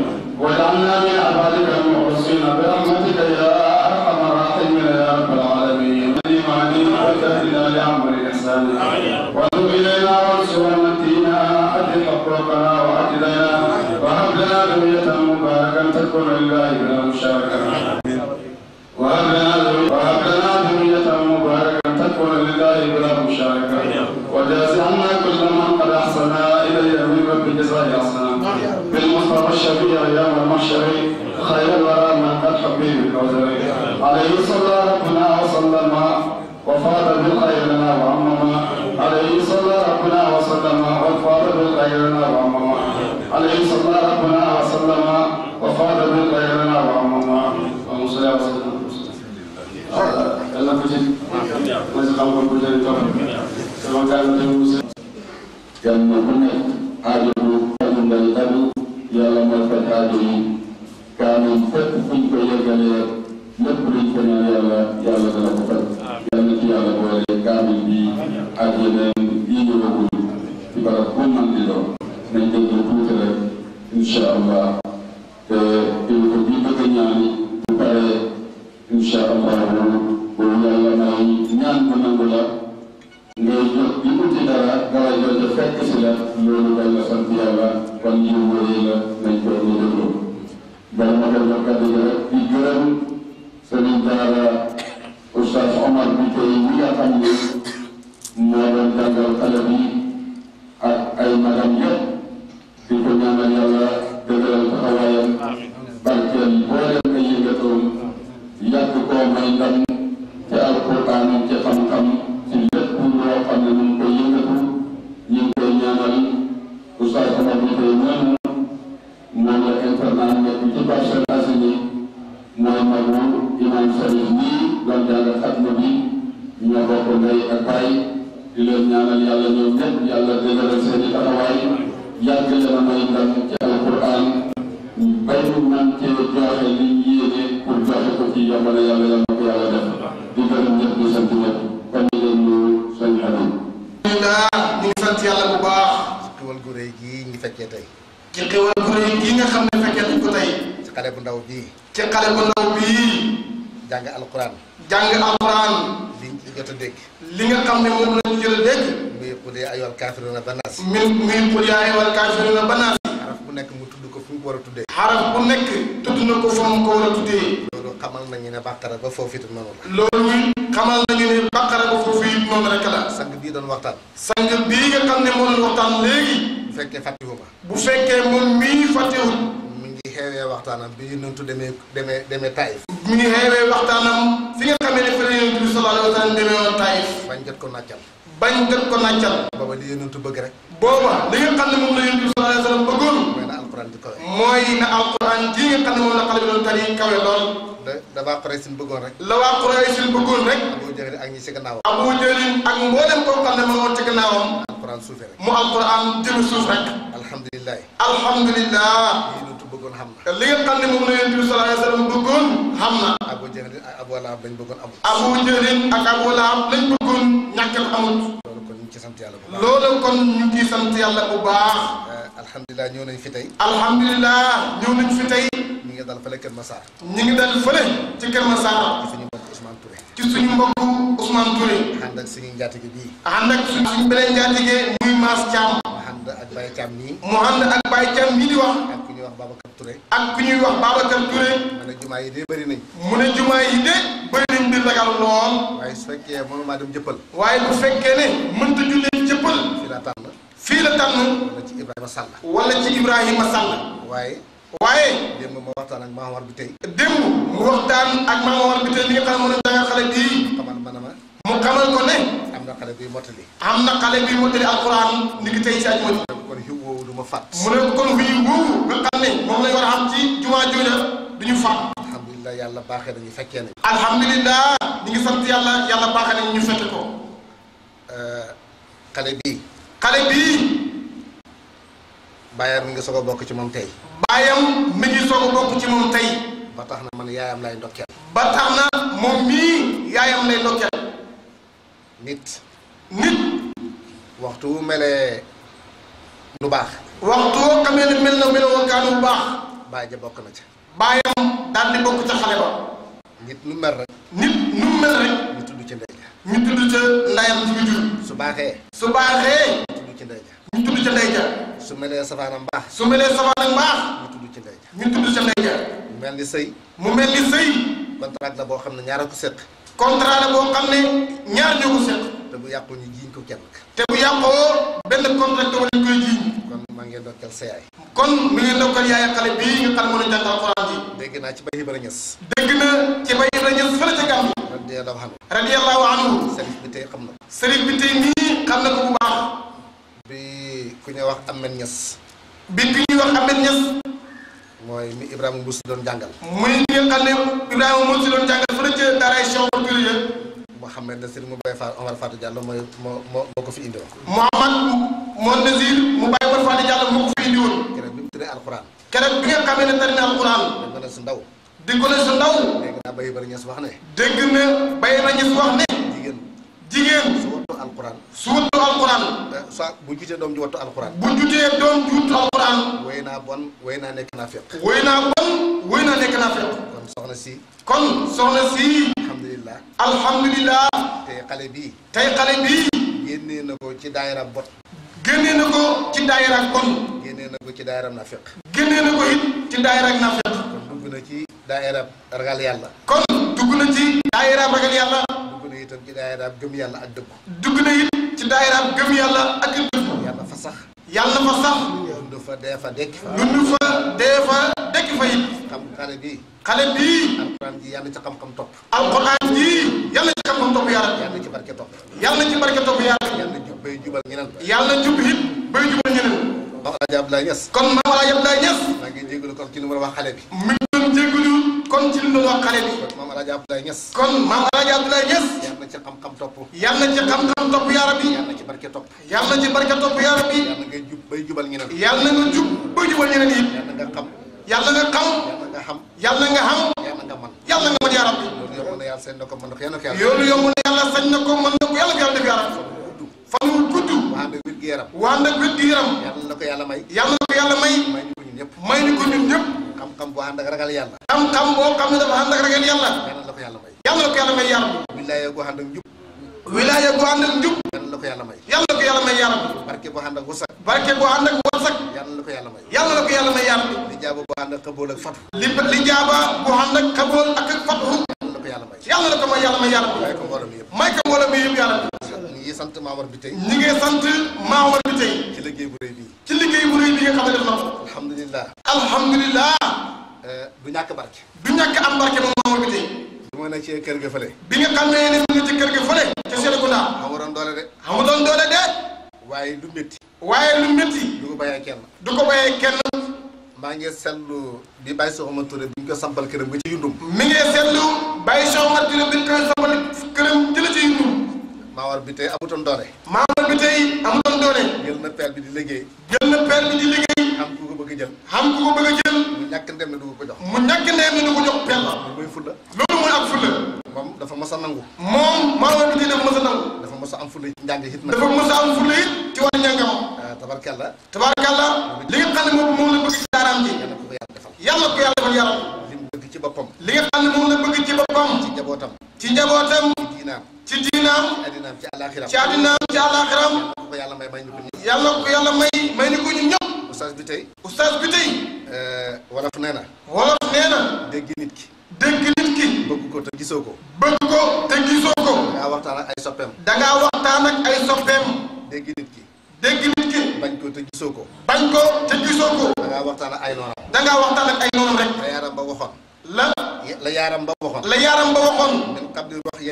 C: واجعلنا من عبادك المخلصين برحمتك يا أرحم الراحمين يا رب العالمين إيماني وتهدنا لعمل الإحسان وتب إلينا وانصرنا متينا أدل حقوقنا وأجلنا وهب لنا ذرية مباركة تكون لله بلا مشاركة شفيع يوم المحشر خير الورى من فتح به الكوثر عليه صلى ربنا وسلم وفاض بالخير لنا وعمما عليه صلى ربنا وسلم وفاض بالخير لنا وعمما عليه صلى ربنا وسلم وفاض بالخير لنا وعمما اللهم صل وسلم yàlla na ko ci ma si xam ko bu jëriñ topp sama gàllankoor yàlla na ko nekk xam ne moo doon tàggal xale bi
D: bàqara ba foofu itam noonu la. loolu ñun xamal nañu ne bàqara ba foofu it noonu rek la. sang bii doon waxtaan. sang bii nga xam ne moo doon waxtaan léegi. bu fekkee fàttiwu ma. bu fekkee moom mii fàttiwul. mi ngi xeewee waxtaanam bi yonentu demee demee demee Taïf. mi ngi xeewee waxtaanam fi nga xamee ne fa la yonentu bi sallallahu alayhi wa sallam demee bañ jot ko nàccal. bañ jot ko nàccal. booba li yonentu bëgg rek. booba li nga xam ne moom la la waa Quraysh bëggoon rek la waa Quraysh bëggoon rek Abu Jahl ak ñi ci gannaawam a Jahl ak mboolem koo xam ne ma woon ci gannaawam alquran suufe rek mu suuf rek alhamdulilah alhamdulilah lii nuntu bëggoon xam na nga xam ne la yonent bi sallallahu alayhi wa sallam bëggoon xam na Abu Jahl ak lañ bëggoon amul Abu ci sant yàlla bu baax loolu kon ñu ngi ciy sant yàlla bu baax. Euh, alhamdulilah ñëw nañ fi tey. alhamdulilah ñëw nañ fi tey. ñu ngi dal fële Kër Massar. ñu ngi dal fële ci Kër Massar. ci suñu mbokk Ousmane Touré. ci suñu mbokk Ousmane Touré. ànd ak suñu njaatige bii. ànd ak suñu beneen njaatige muy Mass Thiam. ak Baye Thiam nii. mu ànd ak Baye Thiam nii di wax. ñuy wax Babacar Touré. ak ku ñuy mu ne jumaa yi de bëri nañ. mu ne jumaa yi de bëri nañ di ragal lool. waaye su fekkee mënumaa dem jëppal. waaye bu fekkee ne mënta jullee jëppal. fii la tànn. fii la tànn. wala ci Ibrahima Sall. wala ci Ibrahima Sall. waaye. waaye. démb ma waxtaan ak Maamawar bi tey. démb mu waxtaan ak Maamawar bi tey li nga xam ne moom la jàngal xale bii. xamal ma ne ma. mu xamal ko ne. xale bi mottali am na xale bi mottali alquran ni ki tey si aj mooy kon xiw woowu ma fàtt mu ne kon xiw woowu nga xam ne moom lañ war a am ci jumaa jooja du ñu fàtt alhamdulilah yàlla baaxee nañu fekkee nañu alhamdulilah ñu ngi yàlla yàlla baaxee nañu ñu fekke ko euh, xale bii xale bii bàyyam mi ngi soog a bokk ci moom tey bàyyam mi ngi bokk ci moom tey ba tax na man yaayam lay ndokkeel ba tax na moom mii yaayam lay ndokkeel nit nit waxtu wu melee lu baax waxtu woo xamee ne mel na meloo wakaanu bu baax baay ja bokk na ca baayam daal di bokk ca xale ba nit nu mel rek nit nu mel rek ñu tudd ci ndey ja ñu tudd ca su baaxee ci ndey ja ñu tudd su melee safaanam baax su melee safaanam baax ñu tudd ci ndey ja ñu tudd ca ndey ja mu mel ni sëy mu mel ni sëy contrat la boo xam ne ñaar ko set contrat la boo xam ne ñaar ñoo ko seq. te bu yàqoo ñu jiiñ ko kenn.
B: te bu yàqoo benn
D: contracteur lañ koy jiiñ. kon maa ngi ndokkal sa yaay. kon mi ngi ndokkal yaay xale bii nga xam mën a jàng naa ci Baye Ibra Niass. dégg na ci Baye Ibra Niass fële ca Gàmbi. radiyallahu anhu. radiyallahu bi tey xam na. sëriñ bi tey nii xam na ko bu baax. bi ku ñuy wax Ahmed Niass. bi ku ñuy wax Ahmed Niass. mooy mi Ibrahima Mboussi doon jàngal. muy li nga xam ne Ibrahima Mboussi doon jàngal fële mu bay Fatou Omar Fatou Diallo mooy moo moo ko fi indi woon. Mouhamed moom Nazir mu bay Omar Fatou Diallo moo ko fi indi woon. keroog bi mu tëddee alxuraan. keroog bi nga xamee ne tëddee ne. dégg na Baye Ibrahima Niass wax ne. jigéen su wattu alquran su wattu alquran eh, sa bu jutee doom ju wattu alquran bu jutee doom ju wattu alquran way naa bon way naa nekk naa féq way na bon way na nekk naa féq kon soxna si kon soxna si alhamdulillah alhamdulillah tey xale bii tey xale bii génnee na ko ci daayira bot
B: génnee na ko ci daayira
D: ci daayira nafiq génnee na ko it ci daayira nafiq kon dugg na ci daayira ragal yàlla kon dugg na ci daayira ragal yàlla na itam ci daayiraam gëm yàlla ak dëggu dugg na it ci daayiraam gëm yàlla ak dëggu yàlla fa sax yàlla fa sax dund fa dee fa dekki fa dund fa dee fa dekki fa it xam xale bii xale bii alxuraan ji yàlla ci xam-xam topp alxuraan ji yàlla ci xam-xam topp yàlla yàlla ci barke topp yàlla ci barke topp yàlla yàlla jub bay jubal ñeneen yàlla jub it bay jubal ñeneen maam Alaaji Abdoulaye Niass kon maam Alaaji Abdoulaye Niass maa ngi jégalu kon ci li mu wax xale bi mi
C: ngi doon jégalu kon ci li mu wax xale bi
D: Alaaji Abdoulaye Niass kon maam Alaaji Abdoulaye Niass
C: yal na ci xam-xam
D: topp yal na ci xam-xam topp yaa rabbi yal na ci barke topp yal na ci barke topp yaa rabbi yal na ngay jub bay jubal ñeneen yal na nga jub bay jubal ñeneen yi yal na nga xam yal na nga xam yal na nga xam yal na nga xam yal na nga man yal na nga man yaa rabbi loolu yomb na yàlla sañ na ko mën na ko yal na ko yàlla yoolu yomb na yàlla sañ na ko mën na ko yàlla ko yàlla def yaa rabbi ànd ak wér gu yaram waa ànd ak wér gu yaram yàlla na ko yàlla may yàlla na ko yàlla may may ñu ko ñun ñëpp may ñu ko ñun ñëpp xam-xam boo ànd ak ragal yàlla xam-xam boo xam ne dafa na ko yàlla may yàlla na ko yàlla may yaram wilaaya goo ànd ak njub wilaaya goo ànd ak njub yàlla na ko yàlla may yaram barke boo ànd wasak barke boo ànd wasak yàlla na ko yàlla may yaram li jaaba boo ànd ak xabool ak fatu yàlla may. ci yàlla la ko may yàlla may yàlla may. may ko mbooloo mi yëpp may ko mbooloo mi yëpp yàlla. ñu ngi sant Maamar bi tey. ñu ngi sant bi tey. ci liggéey bu rëy bii. ci liggéey bu bi nga xam ne eh, Maamar bi tey. bi ma nekk ci kër ga fële. bi nga xam ne mu ngi ci kër ga fële. ca Serekunda. xamu doole de. xamu doole de. waaye lu métti. waaye lu métti. du ko bàyyee maa ngi seetlu bi Baye Sow Omar Touré bi ñu ko sampal këram ba ci yundum mi ngi seetlu Baye Sow Omar Touré bi ñu ko sampal këram jëla ci yundum Maawar bi tey amutoon doole Maawar bi tey amutoon doole jël na peel bi di liggéey jël na peel bi di liggéey xam ku ko bëgg a jël xam ku ko bëgg a jël mu ñàkk ndem ne du ko jox mu ñàkk ndem ne du ko jox peel ba loolu mooy fulla loolu mooy am fulla moom dafa mos a nangu moom Maawar bi tey dafa mos a nangu dafa mos a a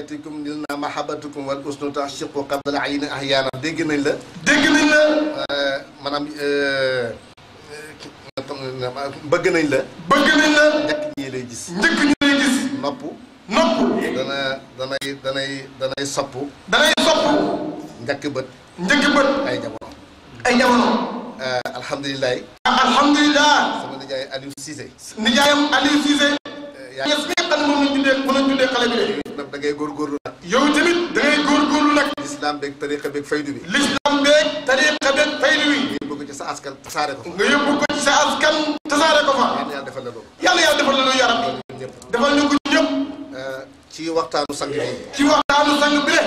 D: xaajatikum nil na mahabatukum wal usnu taxiqu qadal ayni ahyaana dégg nañ la dégg nañ la euh, maanaam euh, euh, bëgg nañ la bëgg nañ la njëkk ñi lay gis njëkk ñi lay gis nopp nopp dana danay danay danay sopp danay sopp njëkk bët njëkk bët ay jamono ay jamono alhamdulilah alhamdulilah sama nijaay Aliou Cissé nijaayam Aliou Cissé at moom lañ jundee mën a jundee xale bi de nag da ngay góorgóorlu nag yow tamit da ngay góorgóorlu nag lislaam beeg tariqa beeg faydu bi lislaam beeg tariqa beeg faydu bi nga yóbbu ko ci sa askan tasaare ko fa nga yóbbu ko ci sa askan tasaare ko fa yàlla defal la loolu yàlla yàlla defal la loolu yaram defal ñu ko ñëpp euh, ci waxtaanu sang bi ci waxtaanu sang bi de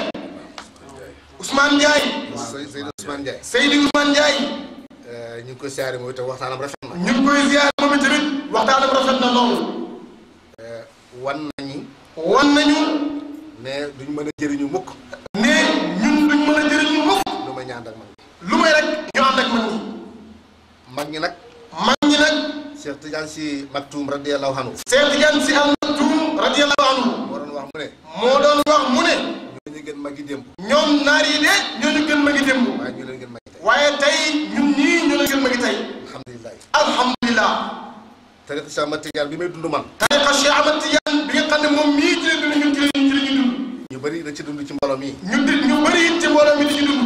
D: Ousmane Ndiaye Seydou Ousmane Ndiaye Seydou Ousmane Ndiaye euh, ñu ngi koy siyaare moom itam waxtaanam rafet na. ñu ngi koy siyaare moom itamit waxtaanam rafet na loolu. wan nañu. wan nañu. ne duñ mën a jëriñu mukk. ne ñun duñ mën a jëriñu mukk. lu may ñaan mag lu may rek ñu ànd ak mag ñi. mag ñi nag. mag ñi nag. Cheikh Tidiane Sy Maktoum radiyallahu anhu. Cheikh Tidiane moo doon wax mu ne.
A: moo doon wax mu ne.
D: ñoo ñu gën mag yi démb. ñoom naar yi de ñoo ñu gën mag yi démb. waaye ñu leen gën mag yi tey. waaye tey ñun ñii ñoo leen gën mag yi tey. alhamdulilah tariqa Cheikh Ahmad bi may dund man tariqa Cheikh Ahmad Tidiane bi nga xam ne mii ci la dund ñun ci la ñu ci la ñu dund ñu ci dund ci mbooloo mi ñun di ñu bëri it ci mbooloo mi di ci dund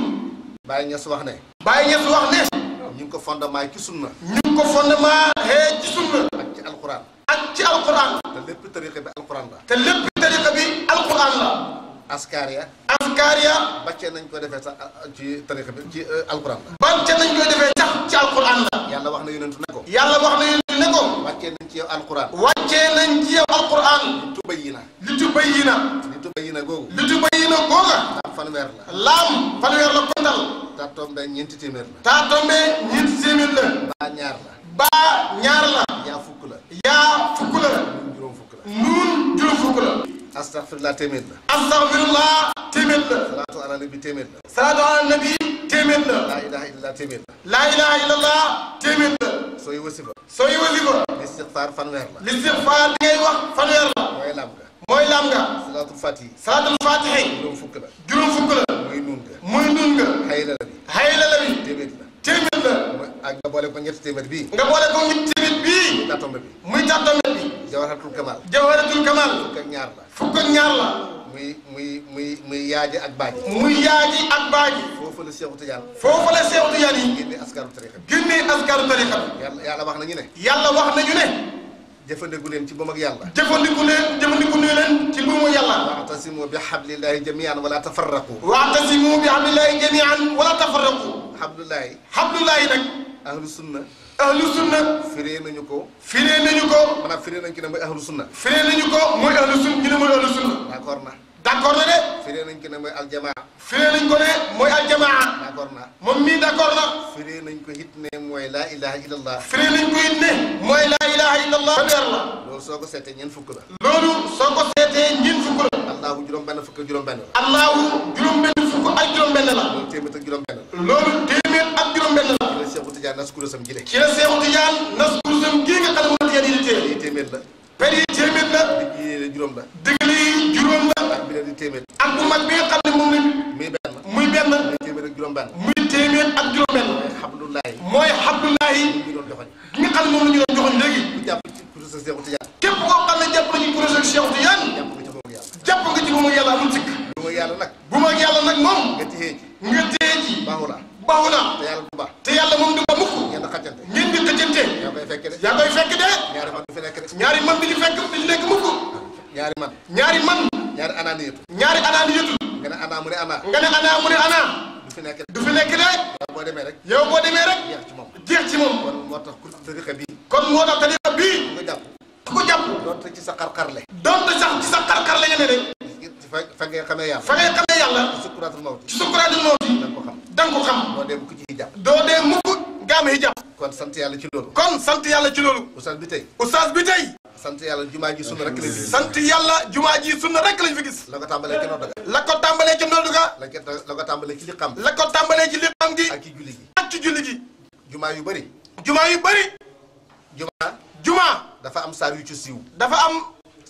D: Baye Niass wax ne Baye Niass wax ne ñu ngi ko fondement ci ñu ngi ko fondement hee ci sunna ak ci alquran ak ci alquran te lépp tariqa bi alquran la te lépp tariqa bi alquran la askaria askaria bàccee nañ ko defee sax ci tarixa bi ci alquran la bàccee nañ koy defee sax ci alquran la yàlla wax na yonentu ne ko yàlla wax na yonentu ne ko wàccee nañ ci yow alquran wàccee nañ ci yow alquran li tubayyina li googu li tubayyina googu laam fanweer la laam fanweer la kontal taa ñeenti téeméer la taa ñeenti téeméer la baa ñaar la baa ñaar la yaa fukk la yaa fukk la nuun juróom fukk la nuun juróom fukk la astaghfirullah téeméer la. astaghfirullah téeméer la. salaatu ala nabi téeméer la. salaatu ala nabi téeméer la. laa ilaha illallah téeméer la. laa ilaha illallah téeméer la. sooy wasifa. sooy wasifa. listixfaar fanweer la. listixfaar li ngay wax fanweer la. mooy lam nga. mooy lam nga. salaatul fatihi. salaatul fatihi. juróom fukk la. juróom fukk la. muy nun nga. muy nun nga. xayla la bi. xayla la bi. téeméer la. téeméer la. ak nga boole ko ñetti téeméer bii. nga boole ko ñetti téeméer bii. muy tàttombe bi. muy tàttombe bi. jawharatul kamal jawharatul kamal fukk ak ñaar la fukk ak ñaar la muy muy muy muy yaaji ak baaji muy yaaji ak baaji foofu la Seexu Tijaan foofu la Seexu Tijaan yi génne askaru tariqa bi génne askaru tariqa bi yàlla yàlla wax nañu ne yàlla wax nañu ne jëfandiku leen ci moom ak yàlla jëfandiku leen jëfandiku ne leen ci moom ak yàlla waatasimu bi hablillahi jamian wala tafarraqu waatasimu bi hablillahi jamian wala tafarraqu hablillahi hablillahi nag ahlu sunna ahlu sunna firee nañu ko firee nañu ko nañ ki ne mooy ahlu sunna na d'accord na de firee nañ ki ne nañ ko ne mooy aljamaa d'accord na moom mii na nañ ko it ne mooy laa laa ilaha illallah fanweer la soo ko seetee ñeent fukk la loolu soo ko juróom-benn fukk ak juróom-benn la allahu juróom-benn fukk ak juróom-benn la loolu téeméer ak juróom-benn la Tidiane nas kurusam gi de. ci la Seexu Tidiane nas kurusam gi nga xam ne moom la Tidiane yi di téye. per yi téeméer la. per yi téeméer la. digg yi juróom la. digg yi juróom la. ak bi la di téeméer. ak bu mag bi nga xam ne moom la. muy benn. muy benn. muy téeméer ak juróom-benn. muy téeméer ak juróom-benn. mooy xabdulaay. mooy xabdulaay. ñu doon joxoñ. ki nga xam ne moom la ñu doon joxoñ léegi. ku jàpp ci kurusam Seexu Tidiane. képp koo xam ne jàpp nañu kurusam Seexu Tidiane. jàpp nga ci moom ak yàlla amul sikk. bu mag yàlla nag. bu mag yàlla nag moom. nga téye ji. nga téye ji baaxul baaxu na. te yàlla du ba. te yàlla moom du ba mukk. ngeen di xajante ngeen di xajante. yaa koy fekk de. yaa koy fekk de. ñaari man du fi nekk de. ñaari man bi ñu fekk bi ñu nekk mukk. ñaari man. ñaari man. ñaari anaan yëtu. ñaari anaan yëtu. nga ne anaa mu ne anaa. nga ne anaa mu ne anaa. du fi nekk de. du fi nekk de. yow boo demee rek. yow boo demee rek. jeex ci moom jeex ci moom. kon moo tax tariqa bii. kon moo tax tariqa bii. ku ko jàpp. ku ko jàpp. donte ci sa xarxar la. donte sax ci sa xarxar la nga ne rek. fa nga xamee yàlla. fa nga xamee yàlla. ci sukkuraatul mawti. ci sukkuraatul mawti nga am hijab kon sant yàlla ci loolu kon sant yàlla ci loolu oustaz bi tey oustaz bi tey sant yàlla jumaa ji sunna rek lañ fi gis sant yàlla jumaa ji sunna rek lañ fi gis la ko tàmbalee ci noddu ga la ko tàmbalee ci noddu ga la ko tàmbalee ci liqam la ko tàmbalee ci liqam gi ak ci julli gi ak ci julli gi jumaa yu bëri jumaa yu bëri jumaa jumaa dafa am saar yu ci siiw dafa am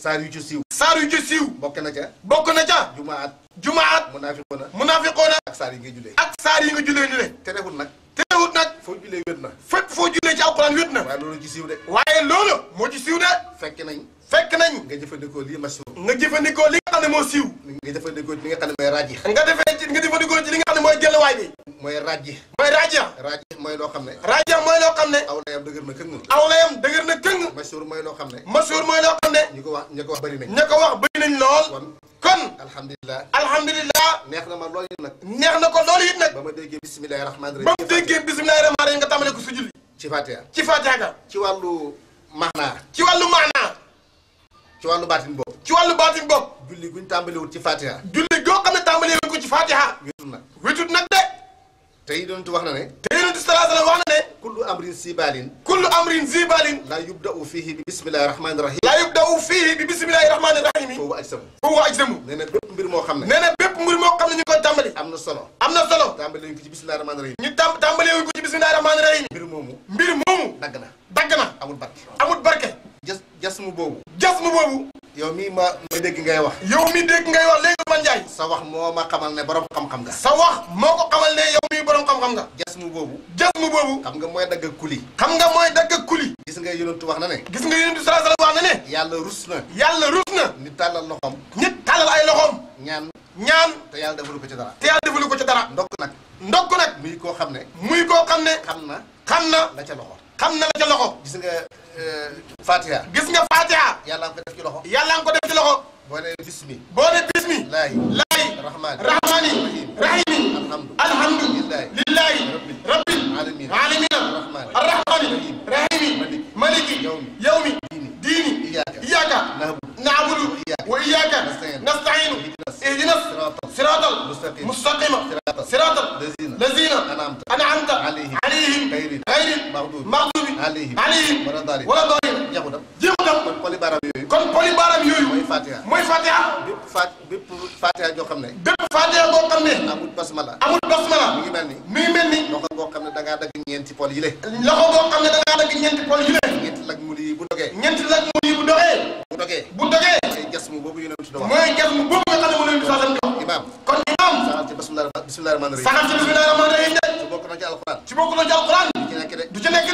D: saar yu ci siiw saar yu ci siiw bokk na ca bokk na ca jumaat jumaat munaafiqoona munaafiqoona ak saar yi nga jullee ak saar yi nga jullee ni le terewul nag teewut nag. foo julee wét na. fépp foo julee ci alquran wét na. waaye loolu ci siiw de. waaye loolu moo ci siiw de. fekk nañ. fekk nañ. nga jëfandikoo lii ma siiw. nga jëfandikoo li nga siiw. nga jëfandikoo ci li nga raaj yi. nga defee ci nga nga xam ne mooy jëlawaay bi. mooy ràjji mooy ràjja ràjji mooy loo xam ne ràjja mooy loo xam ne aw layam dëgër na këng aw layam dëgër na këng masuur mooy loo xam ne masuur mooy loo xam ne ñu ko wax ñu ko wax bëri nañ ñu ko wax bëri nañ lool kon alhamdulilah neex na ma lool it nag neex na ko loolu it nag ba ma déggee bisimilahi rahmaani rahim ba ma déggee bisimilahi rahmaani rahim nga tàmbale ko su julli ci fatiha ci fatiha ga ci wàllu maanaa ci wàllu maanaa ci wàllu baatin bopp ci wàllu baatin bopp ci fatiha julli goo xam ne tàmbalewul ko ci fatiha wétut nag wétut nag de tey yonent wax na ne te yonent sallallahu alayhi wa sallam wax na ne kullu amrin zibalin kullu amrin zibalin laa yubda'u fihi bi bismillahi rahmani rahim laa yubda'u fihi bi bismillahi rahmani rahim yi foofu ajsamu foofu ajsamu nee na bépp mbir moo xam ne nee na bépp mbir moo xam ne ñu koy tàmbali am na solo am na solo tàmbali ko ci bismillahi rahmani rahim ñu tàm tàmbali ko ci bismillahi rahmani rahim mbir moomu mbir moomu dagg na dagg na amul barke amul barke jas jas mu boobu jas mu boobu yow mii ma ma dégg ngay wax. yow mii dégg ngay wax léegi man Ndiaye. sa wax moo ma xamal ne borom xam-xam nga. sa wax moo ko xamal ne yow mii borom xam-xam nga. jas mu boobu. jas mu boobu. xam nga mooy dagg kuli. xam nga mooy dagg kuli. gis nga yonentu wax na ne. gis nga yonentu saa sala wax na ne. yàlla rus na. yàlla rus na. nit tàllal loxoom. nit tàllal ay loxoom. ñaan ñaan. te yàlla defalu ko ci dara. te yàlla defalu ko ci dara. ndokk nag. ndokk nag. muy koo xam ne. muy koo xam ne. xam na xam la ca loxo xam na la ca loxo. gis nga euh, Fatiha. gis nga Fatiha. yàlla nga ko def ci loxo. yàlla nga ko def ci loxo. boo nee bismi. boo nee bismi. laay laay. rahmaani rahmaani. rahimi. alhamdu alhamdu. lillahi rabbil alamin. alamina. rahmaani rahimi. maliki yawmi diini iyyaka na'budu wa iyyaka nasta'in ihdina siratal mustaqima siratal lazina an'amta alayhim ghayril maghdubi alayhim wala daalliin jeexu dam jeexu dam kon poli baaraam yooyu. mooy Fatiha mooy Fatiha. bépp Fat xam ne. bépp Fatiha boo xam ne. amul basmala. amul basmala. mi ngi mel ni. mi ngi mel ni. loxo boo xam ne da ngaa dagg ñeenti pol yi le. loxo boo xam ne da dagg ñeenti pol yi le. ñeenti lag mu yi bu dogee. ñeenti lag mu yi bu dogee. bu dogee bu dogee. mooy jas mu boobu yonent doon wax. mooy jas mu boobu nga xam ne mu leen di soxla jox. imaam kon imaam. saxal ci ci bismillah rahmaan rahim de. nekk de. du ci nekk de.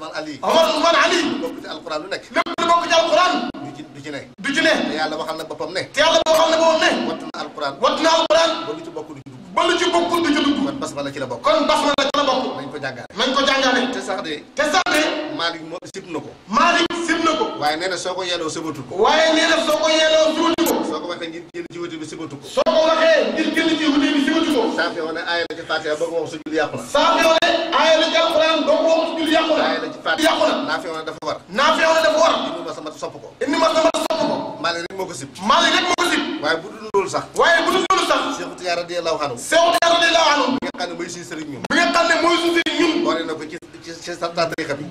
D: Ousmane Ali. Omar Ousmane Ali. bokk ci alquran lu nekk. lépp lu bokk ci alquran. du ci du ci ne. du ci ne. te yàlla waxal na boppam ne. te yàlla waxal na boppam ne. wattu na alquran. wattu na alquran. ba lu ci bokk du ci dugg. ba lu ci bokk du ci dugg. kon basmala ci la bokk. kon basmala ci la bokk. nañ ko jàngaale. nañ ko jàngaale. te sax de. te sax de. Malick moo sib na ko. Malick sib na ko. waaye nee na soo ko yelloo sëbatu ko. waaye nee na soo ko yelloo suutu ko. soo ko waxee ngir génn ci wute bi sëbatu ko. soo ko waxee ngir génn ci wute bi sëbatu ko. saa fi wane aaya la ci Faatiha bëgg wax sa julli yàqu la. saa fi wane jullit yàqu na. yàqu na naa feew na dafa war. naa feew na dafa war. indi ma sama sopp ko. indi ma sama sopp ko. Malick rek moo ko sib. Malick rek moo ko sib. waaye bu dul ko ci ci ci sa ko ci sa tarixa bi.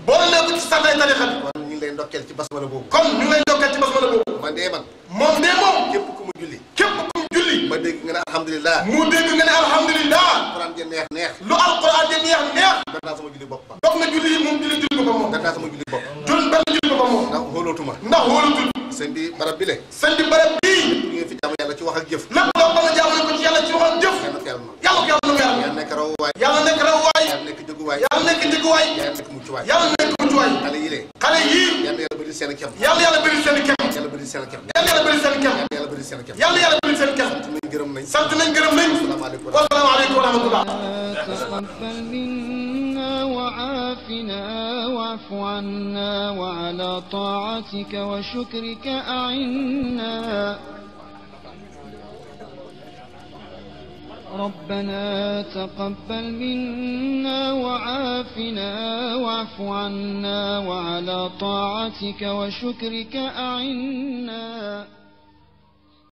D: kon ñu boobu. kon dee man. moom dee moom. képp ku mu julli. képp ma dégg nga ne alhamdulilah. mu dégg nga ne alhamdulilah. alquran ja neex neex. lu alquran ja neex neex. def naa sama julli boppam. dox na julli moom julli julli boppam moom. def naa sama julli boppam. jul benn julli boppam moom. ndax wóolootuma. ndax wóolootul. sëñ bi barab bi le. sëñ bi barab bii. lépp ngeen fi jaamu yàlla ci wax ak jëf. lépp loo xam ne jaamu ko ci yàlla ci wax ak jëf.
B: yàlla nekk
D: raw waay. yàlla nekk raw waay. yàlla nekk njëguwaay yàlla nekk njëguwaay yàlla nekk muccuwaay yàlla nekk muccuwaay xale yii lee xale yii yàlla yàlla bëri seen kem yàlla yàlla bëri seen kem yàlla bëri seen kem yàlla yàlla bëri seen kem yàlla yàlla bëri seen kem yàlla yàlla bëri seen kem sant nañ gërëm nañ sant nañ gërëm nañ wasalaamaaleykum wa rahmatullah
C: تقبل منا وعافنا واعف عنا وعلى طاعتك وشكرك أعنا ربنا تقبل منا وعافنا واعف
B: عنا وعلى طاعتك وشكرك أعنا